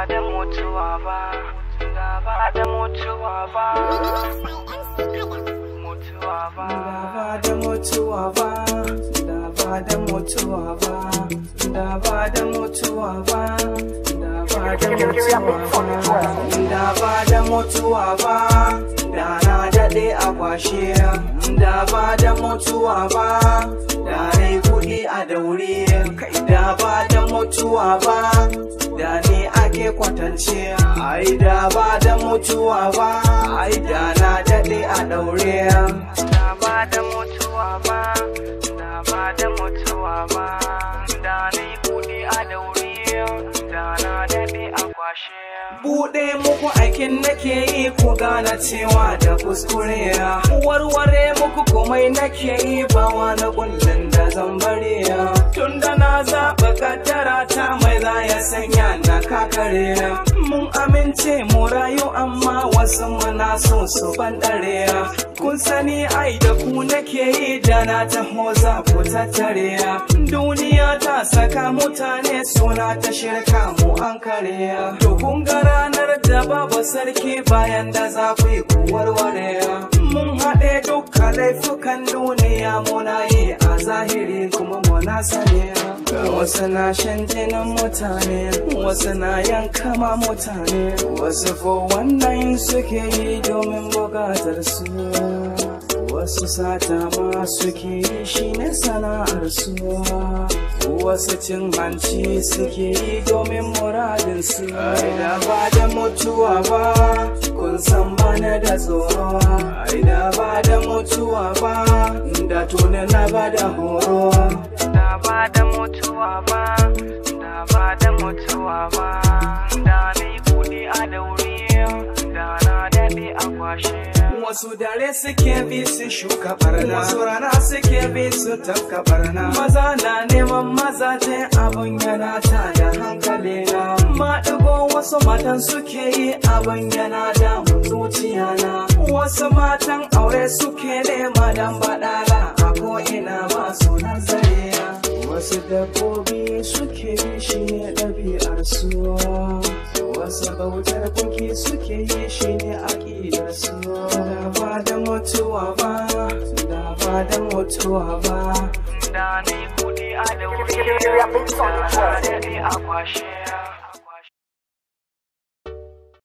ba da mutuwa ba ba da mutuwa ba mutuwa ba ba da mutuwa ba Da ba da mutuwa ba Da ba da mutuwa ba Da ba da mutuwa ba Da ba da mutuwa ba da na daɗe a kwashe da ba da mutuwa ba da rai kuɗi a daure da ba da mutuwa ba da ni ake kwatance ai da ba da mutuwa ba ai da na daɗe a ɗaure da ba da mutuwa ba da ba da mutuwa ba da ni buɗe a ɗaure da na daɗe a kwashe Buɗe muku aikin nake yi ku gane cewa da kuskure Warware muku komai nake yi ba wani kullum da zambariya Tunda na zaɓa kaddara ta mai za ya sanya mun amince mu rayu amma wasu muna so su bandare kun sani ai da ku nake yi da na ta za ku tattare duniya ta saka mutane suna ta shirka mu an kare to kun ga ranar da babu sarki bayan da za ku yi ku warware mun haɗe duka laifukan duniya muna yi a zahiri kuma muna sani wasu na shan jinin mutane wasu na yankama mutane wasu fo wannan suke yi domin bukatar su wasu sata ma suke yi shi ne sana'ar su wasu cin hanci suke yi domin muradinsu da ba da mutuwa ba kun san bana da tsoro ai da ba da mutuwa ba da tona na ba da horo da ba da mutuwa ba da ba da mutuwa ba da ni kudi a daure da na daɗe a kwashe wasu dare suke bi su shuka barna wasu rana suke bi su tafka barna maza na neman mazaje abin yana ta da hankali na ma wasu matan suke yi abin yana da zuciya na wasu matan aure suke nema dan baɗa dabbobi suke yi shi ne ɗabi'ar suwa wasu bautar kuki suke yi shi ne aƙidar suwa da ba da mutuwa ba da ba da mutuwa ba da ni kuɗi a da wuri da daɗi a kwashe